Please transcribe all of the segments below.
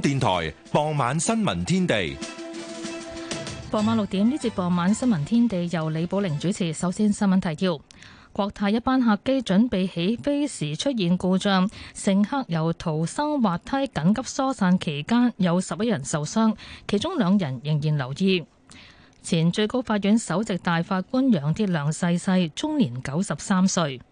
電台傍晚新聞天地，傍晚六點呢節傍晚新聞天地由李寶玲主持。首先新聞提要：國泰一班客機準備起飛時出現故障，乘客由逃生滑梯緊急疏散期間有十一人受傷，其中兩人仍然留醫。前最高法院首席大法官楊鐵良逝世，終年九十三歲。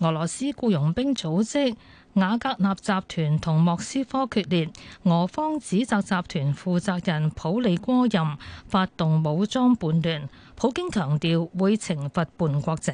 俄羅斯雇傭兵組織。瓦格納集團同莫斯科決裂，俄方指責集團負責人普利戈任發動武裝叛亂。普京強調會懲罰叛國者。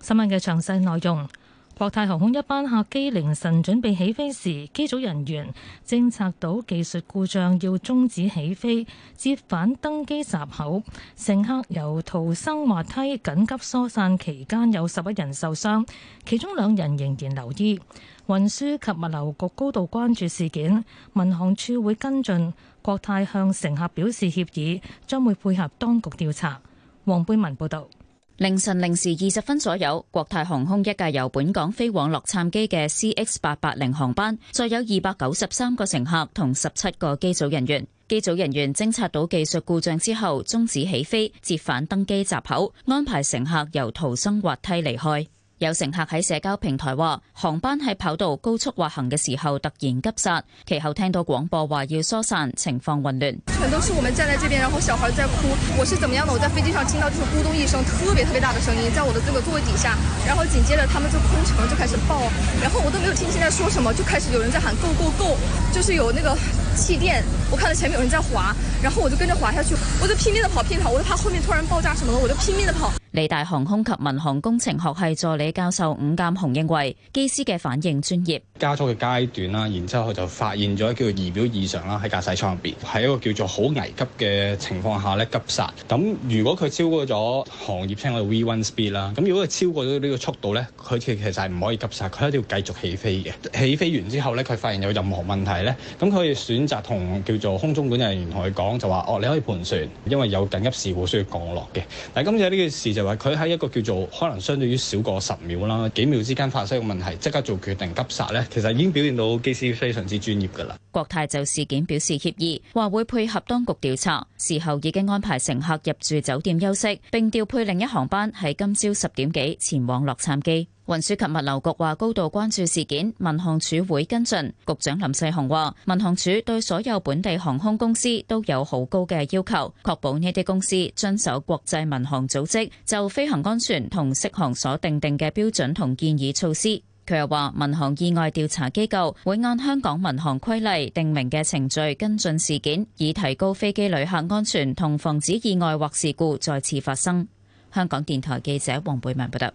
新聞嘅詳細內容。國泰航空一班客機凌晨準備起飛時，機組人員偵測到技術故障，要終止起飛，折返登機閘口。乘客由逃生滑梯緊急疏散期間，有十一人受傷，其中兩人仍然留醫。運輸及物流局高度關注事件，民航處會跟進。國泰向乘客表示歉意，將會配合當局調查。黃貝文報道。凌晨零時二十分左右，國泰航空一架由本港飛往洛杉磯嘅 CX 八八零航班，載有二百九十三個乘客同十七個機組人員。機組人員偵察到技術故障之後，終止起飛，折返登機閘口，安排乘客由逃生滑梯離開。有乘客喺社交平台話，航班喺跑道高速滑行嘅時候突然急剎，其後聽到廣播話要疏散，情況混亂。全都是我們站在這邊，然後小孩在哭。我是怎麼樣的？我在飛機上聽到就是咕咚一聲，特別特別大的聲音，在我的這個座位底下。然後緊接着他們就哭聲就開始爆，然後我都沒有聽清在說什麼，就開始有人在喊「Go Go Go！」就是有那個氣墊。我看到前面有人在滑，然後我就跟着滑下去，我就拼命的跑，拼命跑，我就怕後面突然爆炸什麼的，我就拼命的跑。理大航空及民航工程學系助理教授伍鑑雄認為，機師嘅反應專業。加速嘅階段啦，然之後佢就發現咗叫儀表異常啦，喺駕駛艙入邊，喺一個叫做好危急嘅情況下咧急剎。咁如果佢超過咗行業稱我哋 V1 speed 啦，咁如果佢超過咗呢個速度咧，佢其其實係唔可以急剎，佢一定要繼續起飛嘅。起飛完之後咧，佢發現有任何問題咧，咁佢可以選擇同叫做空中管制人員同佢講，就話哦你可以盤旋，因為有緊急事故需要降落嘅。但係今次呢件事就佢喺一個叫做可能相對於少過十秒啦，幾秒之間發生嘅問題，即刻做決定急剎咧，其實已經表現到機師非常之專業嘅啦。國泰就事件表示歉意，話會配合當局調查，事後已經安排乘客入住酒店休息，並調配另一航班喺今朝十點幾前往洛杉磯。運輸及物流局話高度關注事件，民航處會跟進。局長林世雄話：民航處對所有本地航空公司都有好高嘅要求，確保呢啲公司遵守國際民航組織就飛行安全同適航所訂定嘅標準同建議措施。佢又話：民航意外調查機構會按香港民航規例定明嘅程序跟進事件，以提高飛機旅客安全同防止意外或事故再次發生。香港電台記者黃貝文報道。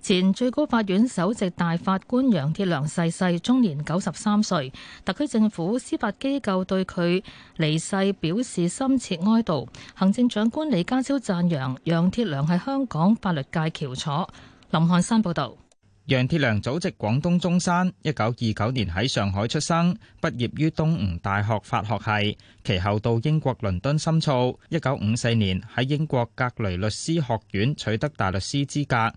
前最高法院首席大法官楊鐵樑逝世，終年九十三歲。特區政府司法機構對佢離世表示深切哀悼。行政長官李家超讚揚楊鐵樑係香港法律界翹楚。林漢山報道。楊鐵樑祖籍廣東中山，一九二九年喺上海出生，畢業於東吳大學法學系，其後到英國倫敦深造。一九五四年喺英國格雷律師學院取得大律師資格。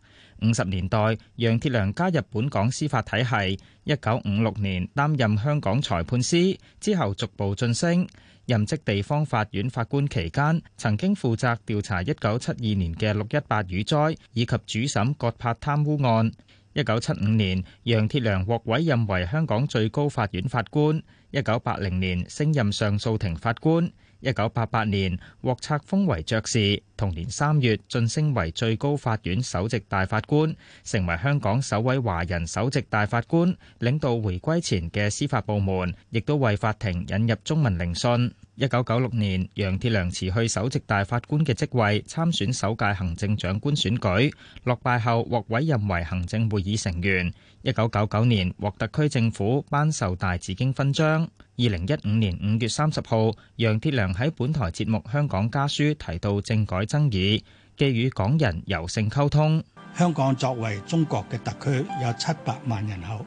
五十年代，楊鐵樑加入本港司法體系，一九五六年擔任香港裁判司，之後逐步晉升。任職地方法院法官期間，曾經負責調查一九七二年嘅六一八雨災，以及主審葛柏貪污案。一九七五年，楊鐵樑獲委任為香港最高法院法官；一九八零年升任上訴庭法官；一九八八年獲冊封為爵士。同年三月晉升為最高法院首席大法官，成為香港首位華人首席大法官。領導回歸前嘅司法部門，亦都為法庭引入中文聆訊。一九九六年，楊鐵樑辭去首席大法官嘅職位，參選首屆行政長官選舉，落敗後獲委任為行政會議成員。一九九九年，獲特區政府頒授大紫荊勳章。二零一五年五月三十號，楊鐵樑喺本台節目《香港家書》提到政改爭議，寄予港人柔性溝通。香港作為中國嘅特區，有七百萬人口，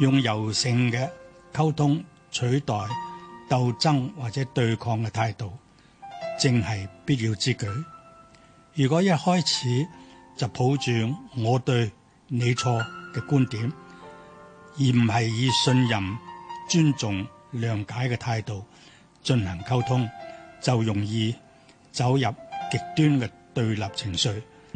用柔性嘅溝通取代，鬥爭或者對抗嘅態度，正係必要之舉。如果一開始就抱住我對你錯嘅觀點，而唔係以信任、尊重、諒解嘅態度進行溝通，就容易走入極端嘅對立情緒。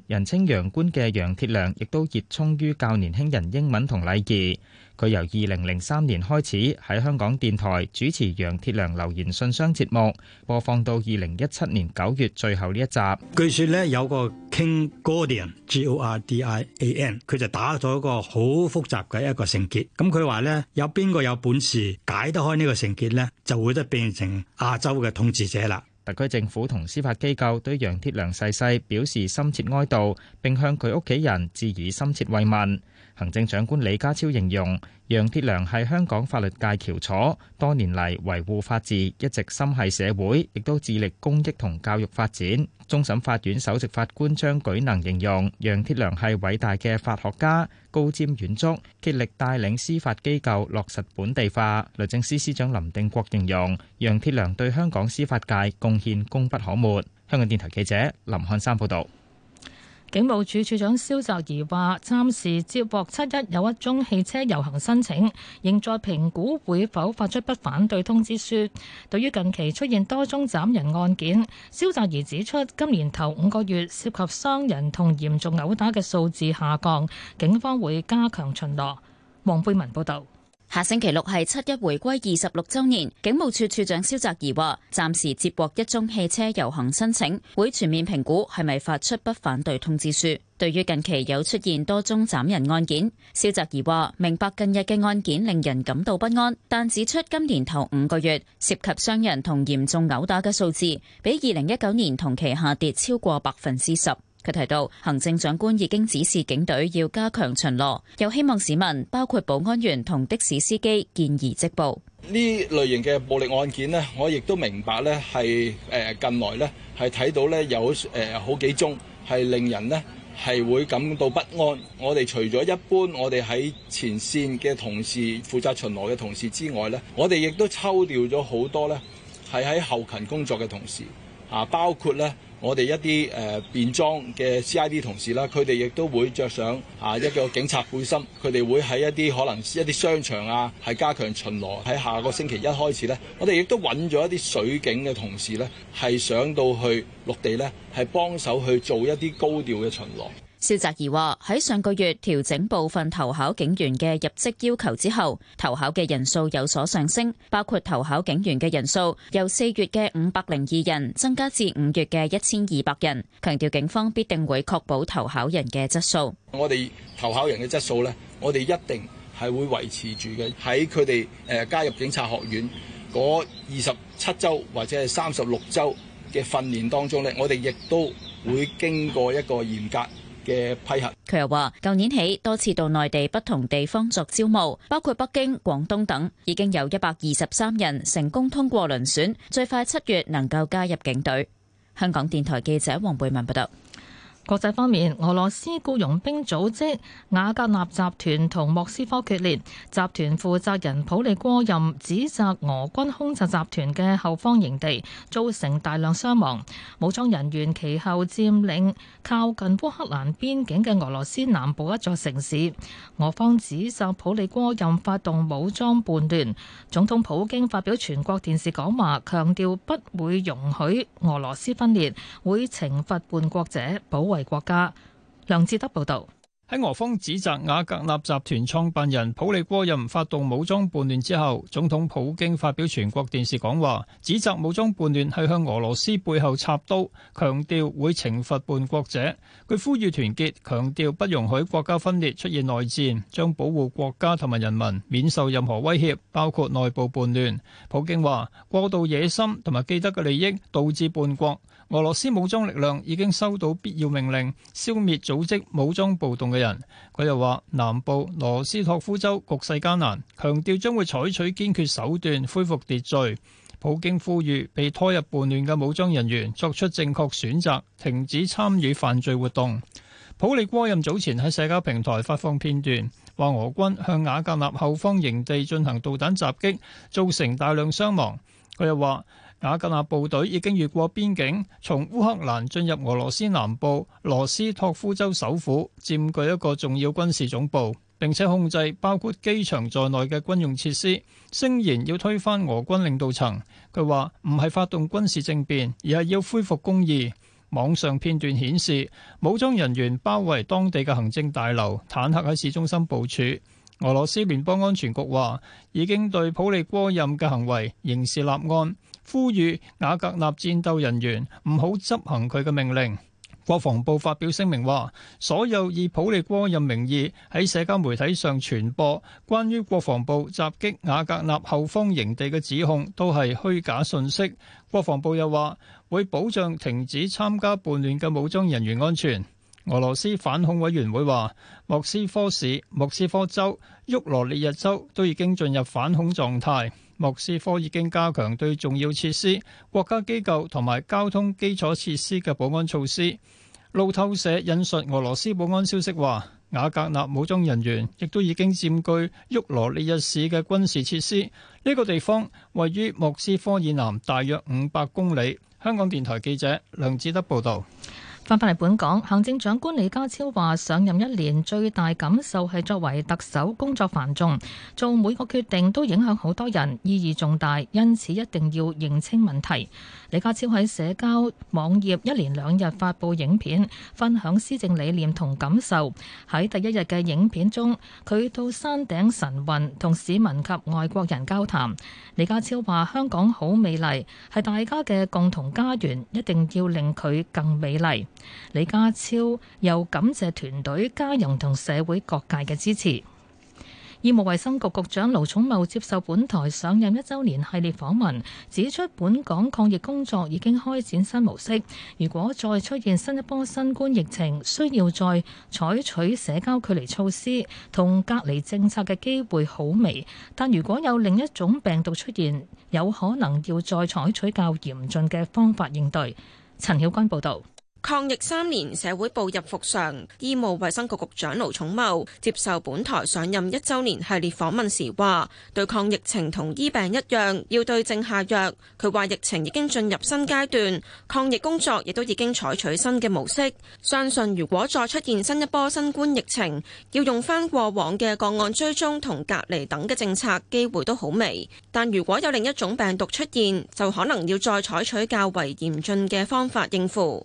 人稱楊官嘅楊鐵良亦都熱衷於教年輕人英文同禮儀。佢由二零零三年開始喺香港電台主持《楊鐵良留言信箱》節目，播放到二零一七年九月最後呢一集。據說呢，有個 King Gordian, Gordian, G O R D I A N，佢就打咗一個好複雜嘅一個繩結。咁佢話呢，有邊個有本事解得開呢個繩結呢，就會得變成亞洲嘅統治者啦。特區政府同司法機構對楊鐵樑逝世表示深切哀悼，並向佢屋企人致以深切慰問。行政長官李家超形容楊鐵樑係香港法律界翹楚，多年嚟維護法治，一直心繫社會，亦都致力公益同教育發展。終審法院首席法官張舉能形容楊鐵樑係偉大嘅法學家，高瞻遠矚，竭力帶領司法機構落實本地化。律政司司長林定國形容楊鐵樑對香港司法界貢獻功不可沒。香港電台記者林漢山報導。警務處處長蕭澤頤話：暫時接獲七一有一宗汽車遊行申請，仍在評估會否發出不反對通知書。對於近期出現多宗斬人案件，蕭澤頤指出，今年頭五個月涉及傷人同嚴重毆打嘅數字下降，警方會加強巡邏。黃貝文報道。下星期六係七一回歸二十六周年，警務處處長蕭澤頤話，暫時接獲一宗汽車遊行申請，會全面評估係咪發出不反對通知書。對於近期有出現多宗斬人案件，蕭澤頤話明白近日嘅案件令人感到不安，但指出今年頭五個月涉及傷人同嚴重毆打嘅數字，比二零一九年同期下跌超過百分之十。佢提到，行政長官已經指示警隊要加強巡邏，又希望市民包括保安員同的士司機，見疑即報。呢類型嘅暴力案件呢，我亦都明白呢係誒近來呢係睇到呢有誒好幾宗係令人呢係會感到不安。我哋除咗一般我哋喺前線嘅同事負責巡邏嘅同事之外呢，我哋亦都抽調咗好多呢係喺後勤工作嘅同事啊，包括呢。我哋一啲誒便裝嘅 C.I.D. 同事啦，佢哋亦都會着上啊一個警察背心，佢哋會喺一啲可能一啲商場啊，係加強巡邏。喺下個星期一開始咧，我哋亦都揾咗一啲水警嘅同事咧，係上到去陸地咧，係幫手去做一啲高調嘅巡邏。蕭澤頤話：喺上個月調整部分投考警員嘅入職要求之後，投考嘅人數有所上升，包括投考警員嘅人數由四月嘅五百零二人增加至五月嘅一千二百人。強調警方必定會確保投考人嘅質素。我哋投考人嘅質素咧，我哋一定係會維持住嘅。喺佢哋誒加入警察學院嗰二十七周或者係三十六周嘅訓練當中咧，我哋亦都會經過一個嚴格。嘅佢又話，舊年起多次到內地不同地方作招募，包括北京、廣東等，已經有一百二十三人成功通過遴選，最快七月能夠加入警隊。香港電台記者黃貝文報道。國際方面，俄羅斯僱傭兵組織雅格納集團同莫斯科決裂，集團負責人普利戈任指責俄軍空襲集團嘅後方營地，造成大量傷亡。武裝人員其後佔領靠近烏克蘭邊境嘅俄羅斯南部一座城市。俄方指責普利戈任發動武裝叛亂。總統普京發表全國電視講話，強調不會容許俄羅斯分裂，會懲罰叛國者，保衛為國家，梁志德報道：喺俄方指責瓦格納集團創辦人普利戈任發動武裝叛亂之後，總統普京發表全國電視講話，指責武裝叛亂係向俄羅斯背後插刀，強調會懲罰叛國者。佢呼籲團結，強調不容許國家分裂出現內戰，將保護國家同埋人民免受任何威脅，包括內部叛亂。普京話：過度野心同埋既得嘅利益導致叛國。俄羅斯武裝力量已經收到必要命令，消滅組織武裝暴動嘅人。佢又話：南部羅斯托夫州局勢艱難，強調將會採取堅決手段恢復秩序。普京呼籲被拖入叛亂嘅武裝人員作出正確選擇，停止參與犯罪活動。普利戈任早前喺社交平台發放片段，話俄軍向雅格納後方營地進行導彈襲擊，造成大量傷亡。佢又話。瓦格納部隊已經越過邊境，從烏克蘭進入俄羅斯南部羅斯托夫州首府，佔據一個重要軍事總部，並且控制包括機場在內嘅軍用設施。聲言要推翻俄軍領導層，佢話唔係發動軍事政變，而係要恢復公義。網上片段顯示武裝人員包圍當地嘅行政大樓，坦克喺市中心部署。俄羅斯聯邦安全局話已經對普利戈任嘅行為刑事立案。呼籲瓦格納戰鬥人員唔好執行佢嘅命令。國防部發表聲明話：所有以普利戈任名義喺社交媒體上傳播關於國防部襲擊瓦格納後方營地嘅指控都係虛假信息。國防部又話會保障停止參加叛亂嘅武裝人員安全。俄羅斯反恐委員會話：莫斯科市、莫斯科州、沃羅涅日州都已經進入反恐狀態。莫斯科已經加強對重要設施、國家機構同埋交通基礎設施嘅保安措施。路透社引述俄羅斯保安消息話，雅格納武裝人員亦都已經佔據沃羅涅日市嘅軍事設施。呢個地方位於莫斯科以南大約五百公里。香港電台記者梁志德報導。翻返嚟本港，行政長官李家超話：上任一年最大感受係作為特首工作繁重，做每個決定都影響好多人，意義重大，因此一定要認清問題。李家超喺社交網頁一連兩日發布影片，分享施政理念同感受。喺第一日嘅影片中，佢到山頂晨運同市民及外國人交談。李家超話：香港好美麗，係大家嘅共同家園，一定要令佢更美麗。李家超又感謝團隊、家人同社會各界嘅支持。醫務衛生局局長盧寵茂接受本台上任一週年系列訪問，指出本港抗疫工作已經開展新模式。如果再出現新一波新冠疫情，需要再採取社交距離措施同隔離政策嘅機會好微。但如果有另一種病毒出現，有可能要再採取較嚴峻嘅方法應對。陳曉君報導。抗疫三年，社會步入復常。醫務衛生局局長盧寵茂接受本台上任一週年系列訪問時話，對抗疫情同醫病一樣，要對症下藥。佢話疫情已經進入新階段，抗疫工作亦都已經採取新嘅模式。相信如果再出現新一波新冠疫情，要用返過往嘅個案追蹤同隔離等嘅政策，機會都好微。但如果有另一種病毒出現，就可能要再採取較為嚴峻嘅方法應付。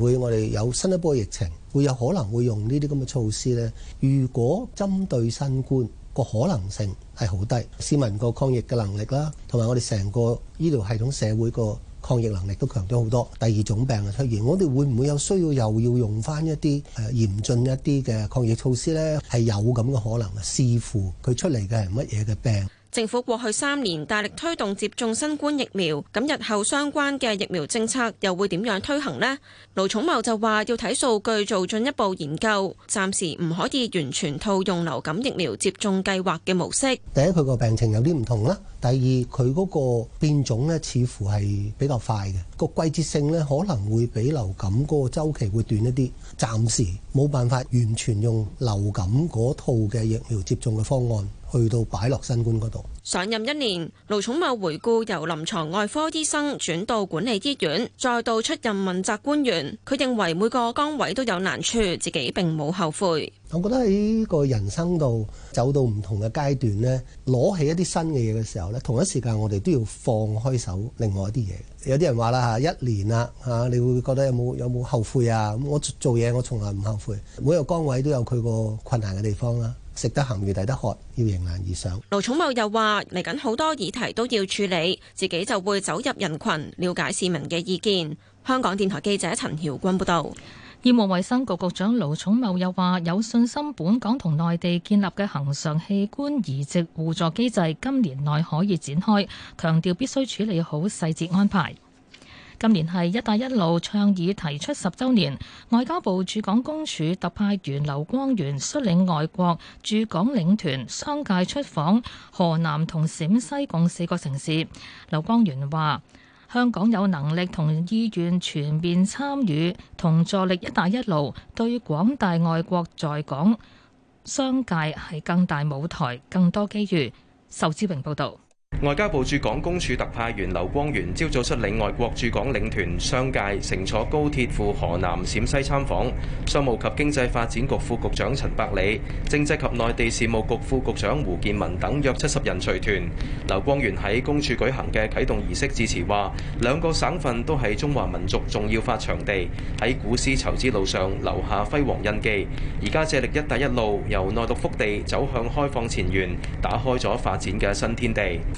會我哋有新一波疫情，會有可能會用呢啲咁嘅措施呢？如果針對新冠個可能性係好低，市民個抗疫嘅能力啦，同埋我哋成個醫療系統、社會個抗疫能力都強咗好多。第二種病嘅出現，我哋會唔會有需要又要用翻一啲誒嚴峻一啲嘅抗疫措施呢？係有咁嘅可能，視乎佢出嚟嘅係乜嘢嘅病。政府過去三年大力推動接種新冠疫苗，咁日後相關嘅疫苗政策又會點樣推行呢？盧寵茂就話要睇數據做進一步研究，暫時唔可以完全套用流感疫苗接種計劃嘅模式。第一，佢個病情有啲唔同啦。第二，佢嗰個變種咧，似乎係比較快嘅。個季節性咧，可能會比流感嗰個週期會短一啲。暫時冇辦法完全用流感嗰套嘅疫苗接種嘅方案去到擺落新冠嗰度。上任一年，盧寵茂回顧由臨床外科醫生轉到管理醫院，再度出任問責官員，佢認為每個崗位都有難處，自己並冇後悔。我覺得喺個人生度走到唔同嘅階段呢，攞起一啲新嘅嘢嘅時候呢，同一時間我哋都要放開手另外一啲嘢。有啲人話啦嚇，一年啦嚇，你會覺得有冇有冇後悔啊？我做嘢我從來唔後悔。每個崗位都有佢個困難嘅地方啦，食得鹹魚抵得渴，要迎難而上。盧寵茂又話：嚟緊好多議題都要處理，自己就會走入人群，了解市民嘅意見。香港電台記者陳曉君報導。業務衛生局局長盧寵茂又話：有信心本港同內地建立嘅恒常器官移植互助機制，今年內可以展開。強調必須處理好細節安排。今年係「一帶一路」倡議提出十週年，外交部駐港公署特派員劉光源率領外國駐港領團商界出訪河南同陝西共四個城市。劉光源話。香港有能力同意願全面參與同助力“一帶一路”，對廣大外國在港商界係更大舞台、更多機遇。仇志榮報道。外交部駐港公署特派員劉光源朝早率領外國駐港領團商界乘坐高鐵赴河南陝西參訪，商務及經濟發展局副局長陳百里、政制及內地事務局副局長胡建文等約七十人隨團。劉光源喺公署舉行嘅啟動儀式致辭話，兩個省份都係中華民族重要發祥地，喺古絲綢之路上留下輝煌印記。而家借力“一帶一路”，由內陸腹地走向開放前沿，打開咗發展嘅新天地。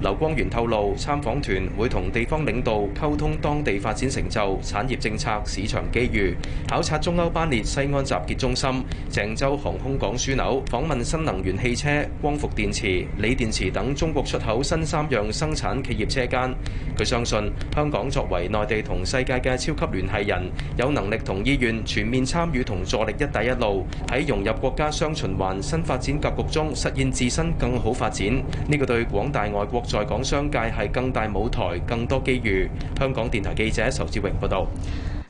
劉光源透露，參訪團會同地方領導溝通當地發展成就、產業政策、市場機遇，考察中歐班列西安集結中心、鄭州航空港樞紐，訪問新能源汽車、光伏電池、鋰電池等中國出口新三樣生產企業車間。佢相信，香港作為內地同世界嘅超級聯繫人，有能力同意願全面參與同助力一帶一路喺融入國家雙循環新發展格局中實現自身更好發展。呢、這個對廣大外國在港商界係更大舞台，更多機遇。香港電台記者仇志榮報道。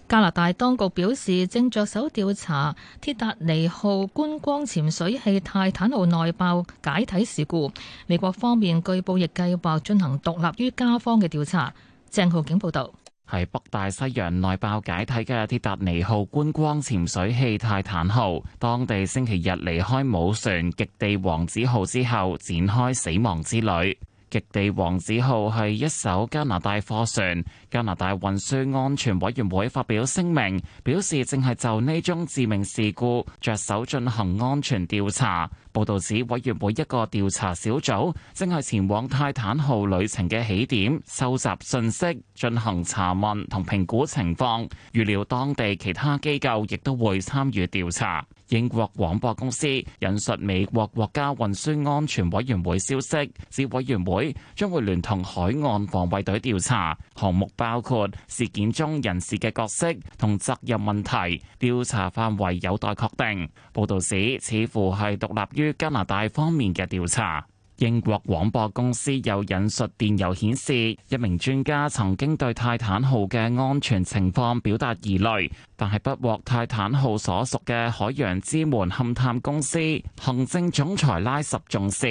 加拿大當局表示正着手調查鐵達尼號觀光潛水器泰坦號內爆解體事故。美國方面據報亦計劃進行獨立於加方嘅調查。鄭浩景報道。喺北大西洋內爆解體嘅鐵達尼號觀光潛水器泰坦號，當地星期日離開母船極地王子號之後，展開死亡之旅。極地王子號係一艘加拿大貨船，加拿大運輸安全委員會發表聲明，表示正係就呢宗致命事故着手進行安全調查。報道指，委員會一個調查小組正係前往泰坦號旅程嘅起點，收集信息、進行查問同評估情況。預料當地其他機構亦都會參與調查。英國廣播公司引述美國國家運輸安全委員會消息，指委員會將會聯同海岸防衛隊調查，項目包括事件中人士嘅角色同責任問題，調查範圍有待確定。報道指，似乎係獨立於加拿大方面嘅調查。英國廣播公司有引述電郵顯示，一名專家曾經對泰坦號嘅安全情況表達疑慮，但係不獲泰坦號所屬嘅海洋之門勘探公司行政總裁拉什重視。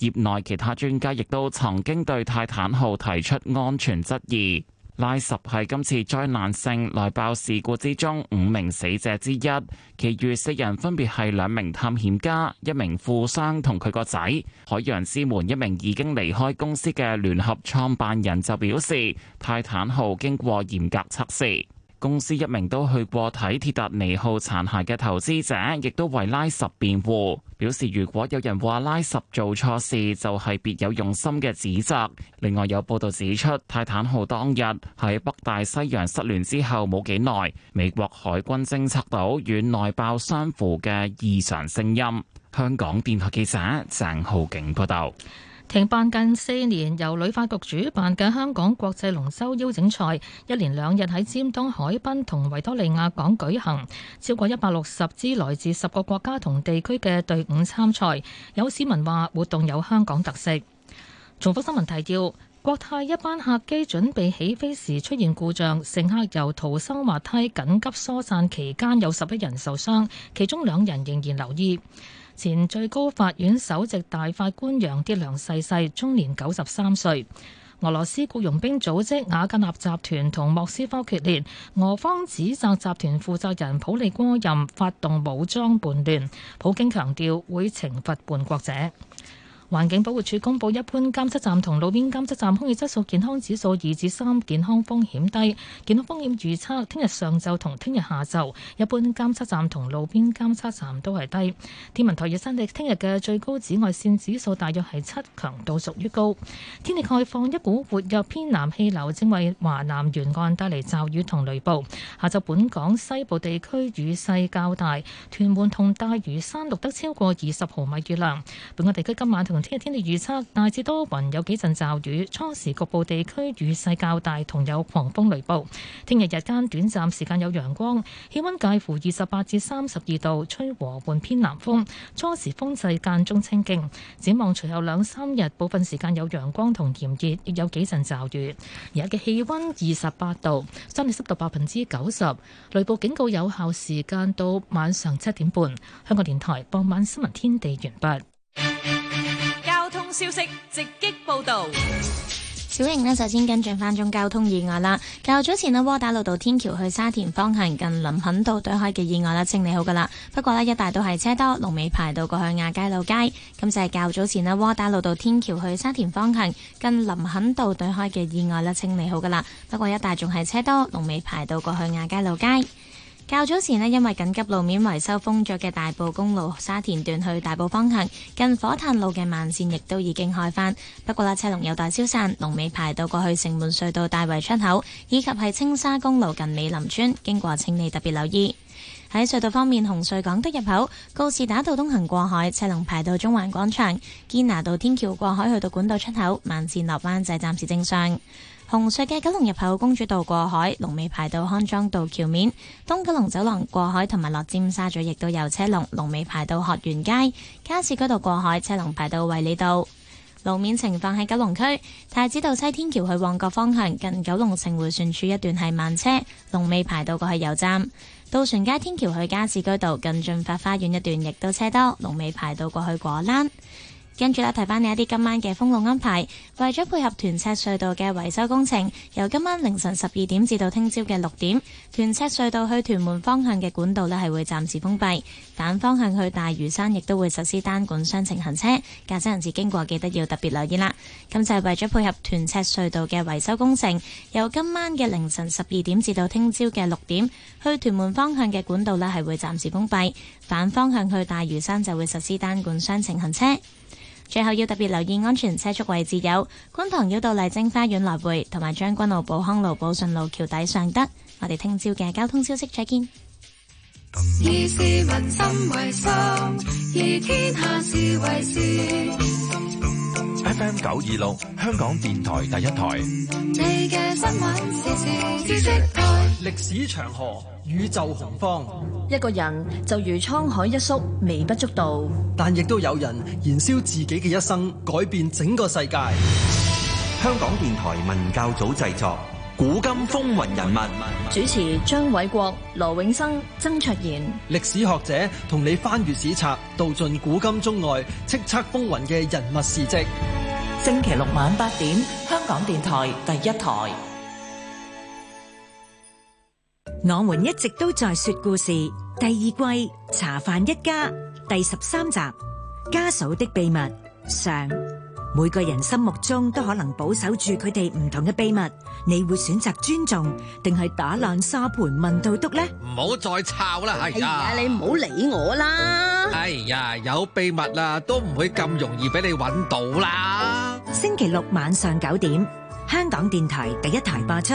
業內其他專家亦都曾經對泰坦號提出安全質疑。拉什係今次災難性內爆事故之中五名死者之一，其餘四人分別係兩名探險家、一名富商同佢個仔。海洋之門一名已經離開公司嘅聯合創辦人就表示，泰坦號經過嚴格測試。公司一名都去過睇鐵達尼號殘骸嘅投資者，亦都為拉什辯護，表示如果有人話拉什做錯事，就係、是、別有用心嘅指責，另外有報道指出，泰坦號當日喺北大西洋失聯之後冇幾耐，美國海軍偵測到與內爆相符嘅異常聲音。香港電台記者鄭浩景報道。停辦近四年由旅發局主辦嘅香港國際龍舟邀請賽，一連兩日喺尖東海濱同維多利亞港舉行，超過一百六十支來自十個國家同地區嘅隊伍參賽。有市民話活動有香港特色。重複新聞提要：國泰一班客機準備起飛時出現故障，乘客由逃生滑梯緊急疏散期間有十一人受傷，其中兩人仍然留醫。前最高法院首席大法官楊鐵樑逝世，終年九十三歲。俄羅斯雇傭兵組織瓦格納集團同莫斯科決裂，俄方指責集團負責人普利戈任發動武裝叛亂。普京強調會懲罰叛國者。環境保護署公布，一般監測站同路邊監測站空氣質素健康指數二至三，健康風險低。健康風險預測聽日上晝同聽日下晝一般監測站同路邊監測站都係低。天文台預先嘅，聽日嘅最高紫外線指數大約係七強度，屬於高。天氣概況，一股活躍偏南氣流正為華南沿岸帶嚟驟雨同雷暴。下晝本港西部地區雨勢較大，屯門同大嶼山錄得超過二十毫米雨量。本港地區今晚同同聽日天氣預測大致多雲，有幾陣驟雨，初時局部地區雨勢較大，同有狂風雷暴。聽日日間短暫時間有陽光，氣温介乎二十八至三十二度，吹和緩偏南風，初時風勢間中清勁。展望隨後兩三日，部分時間有陽光同炎熱，亦有幾陣驟雨。而家嘅氣温二十八度，相對濕度百分之九十，雷暴警告有效時間到晚上七點半。香港電台傍晚新聞天地完畢。消息直擊報道，小瑩呢，首先跟進返宗交通意外啦。較早前呢，窩打老道天橋去沙田方向近林肯道對開嘅意外啦，清理好㗎啦。不過呢，一帶都係車多，龍尾排到過去亞皆老街。咁就係較早前呢，窩打老道天橋去沙田方向近林肯道對開嘅意外啦，清理好㗎啦。不過一帶仲係車多，龍尾排到過去亞皆老街。較早前咧，因為緊急路面維修封咗嘅大埔公路沙田段去大埔方向，近火炭路嘅慢線亦都已經開返。不過啦，車龍有待消散，龍尾排到過去城門隧道大圍出口，以及係青沙公路近美林村，經過請你特別留意。喺隧道方面，紅隧港督入口、告士打道東行過海車龍排到中環廣場，堅拿道天橋過海去到管道出口，慢線落灣仔就暫時正常。紅隧嘅九龍入口公主道過海，龍尾排到康莊道橋面；東九龍走廊過海同埋落尖沙咀亦都有車龍，龍尾排到學園街；加士居道過海車龍排到衛理道。路面情況喺九龍區太子道西天橋去旺角方向，近九龍城回旋處一段係慢車，龍尾排到過去油站；渡船街天橋去加士居道近駿發花園一段亦都車多，龍尾排到過去果欄。跟住咧，提翻你一啲今晚嘅封路安排。為咗配合屯赤隧道嘅維修工程，由今晚凌晨十二點至到聽朝嘅六點，屯赤隧道去屯門方向嘅管道咧係會暫時封閉，反方向去大嶼山亦都會實施單管雙程行車。駕駛人士經過記得要特別留意啦。咁就係為咗配合屯赤隧道嘅維修工程，由今晚嘅凌晨十二點至到聽朝嘅六點，去屯門方向嘅管道咧係會暫時封閉，反方向去大嶼山就會實施單管雙程行車。最後要特別留意安全車速位置有觀塘繞道麗晶花園來回同埋將軍澳寶康路寶順路橋底尚德。我哋聽朝嘅交通消息再見。F M 九二六香港電台第一台。歷史長河。宇宙洪荒，一個人就如滄海一粟，微不足道。但亦都有人燃燒自己嘅一生，改變整個世界。香港電台文教組製作《古今風雲人物》，主持張偉國、羅永生、曾卓然，歷史學者同你翻閱史冊，道盡古今中外、叱咤風雲嘅人物事跡。星期六晚八點，香港電台第一台。我們一直都在說故事，第二季，茶飯一家，第十三集，家嫂的秘密上。每個人心目中都可能保守住佢哋唔同嘅秘密，你會選擇尊重定係打爛沙盤問到篤呢？唔好再抄啦！係呀，你唔好理我啦！哎呀，有秘密啦，都唔會咁容易俾你搵到啦！星期六晚上九點，香港電台第一台播出。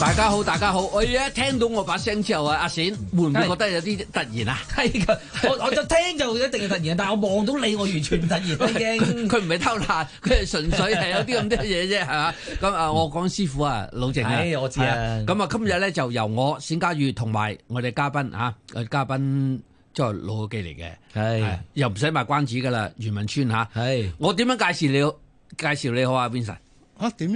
大家好，大家好！我、哎、一聽到我把聲之後啊，阿冼會唔會覺得有啲突然啊？係我我就聽就一定係突然，但係我望到你，我完全唔突然。驚佢唔係偷懶，佢係純粹係有啲咁多嘢啫，係嘛？咁啊，我講師傅啊，老靜啊，我知啊。咁啊、嗯，今日咧就由我冼家玉同埋我哋嘉賓啊，嘉賓即係老友記嚟嘅，係是又唔使賣關子噶啦，袁文川，吓、啊，係是我點樣介紹你？介紹你好啊，Vincent 啊？點？